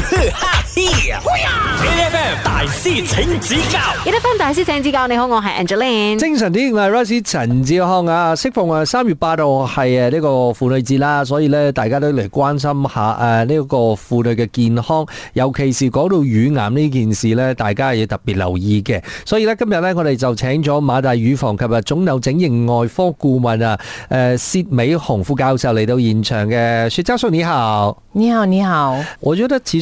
yeah. Yennafam, 大師請指教。Yennafam, 大師請指教。你好，我係 Angeline。精神啲，係 r u 陳志康啊。適逢誒，三月八號係誒呢個婦女節啦，所以咧，大家都嚟關心一下誒呢個婦女嘅健康，尤其是講到乳癌呢件事咧，大家要特別留意嘅。所以咧，今日咧，我哋就請咗馬大乳房及腫瘤整形外科顧問啊誒薛美虹副教授嚟到現場嘅。薛教授你好，你好你好，我覺得此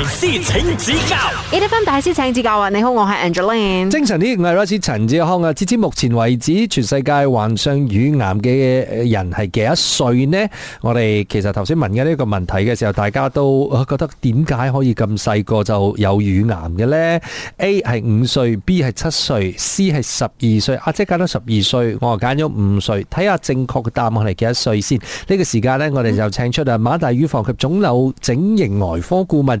大師請指教，幾多分大師請指教啊！你好，我係 Angelina。精神啲，我係律師陳志康啊！截至目前為止，全世界患上乳癌嘅人係幾多歲呢？我哋其實頭先問嘅呢個問題嘅時候，大家都覺得點解可以咁細個就有乳癌嘅呢？A 係五歲，B 係七歲，C 係十二歲。阿姐揀咗十二歲，我又揀咗五歲。睇下正確嘅答案係幾多歲先？呢個時間咧，我哋就請出啊馬大乳房及腫瘤整形外科顧問。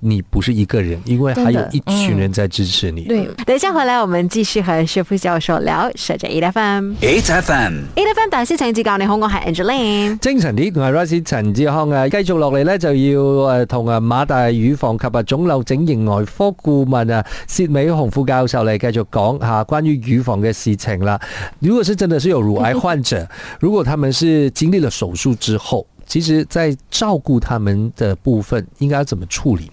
你不是一個人，因為還有一群人在支持你。對、嗯對，等一下回來，我們繼續和薛副教授聊。設在 E F M，E F M，a F M，大師請指教，你好，我是 Angeline。精神啲同埋，Rose 陳志康啊，繼續落嚟咧，就要誒、啊、同啊馬大乳房及啊腫瘤整形外科顧問啊薛美虹副教授嚟繼續講下、啊、關於乳房嘅事情啦。如果是真的是有乳癌患者，okay. 如果他們是經歷了手術之後，其實在照顧他們的部分，應該怎麼處理呢？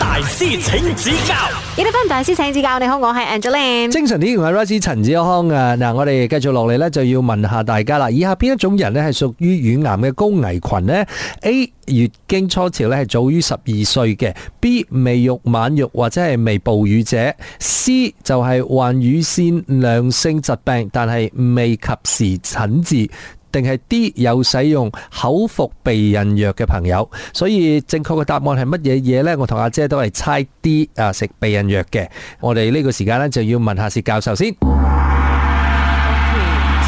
大師請指教，而家大師請指教。你好，我係 Angeline，精神啲嘅係 Razi 陳子康啊。嗱，我哋繼續落嚟咧，就要問下大家啦。以下邊一種人咧係屬於乳癌嘅高危群呢？A 月經初潮咧係早於十二歲嘅，B 未育，育、晚育或者係未哺乳者，C 就係患乳腺良性疾病但係未及時診治。定係啲有使用口服避孕藥嘅朋友，所以正確嘅答案係乜嘢嘢呢？我同阿姐都係猜啲啊，食避孕藥嘅。我哋呢個時間呢就要問下薛教授先。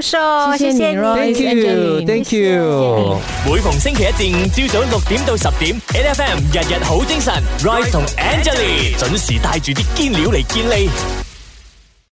收，謝謝，Thank you，Thank you。每逢星期一至五朝早六點到十點，NFM 日日好精神，Royce 同 Angelie 準時帶住啲堅料嚟見你。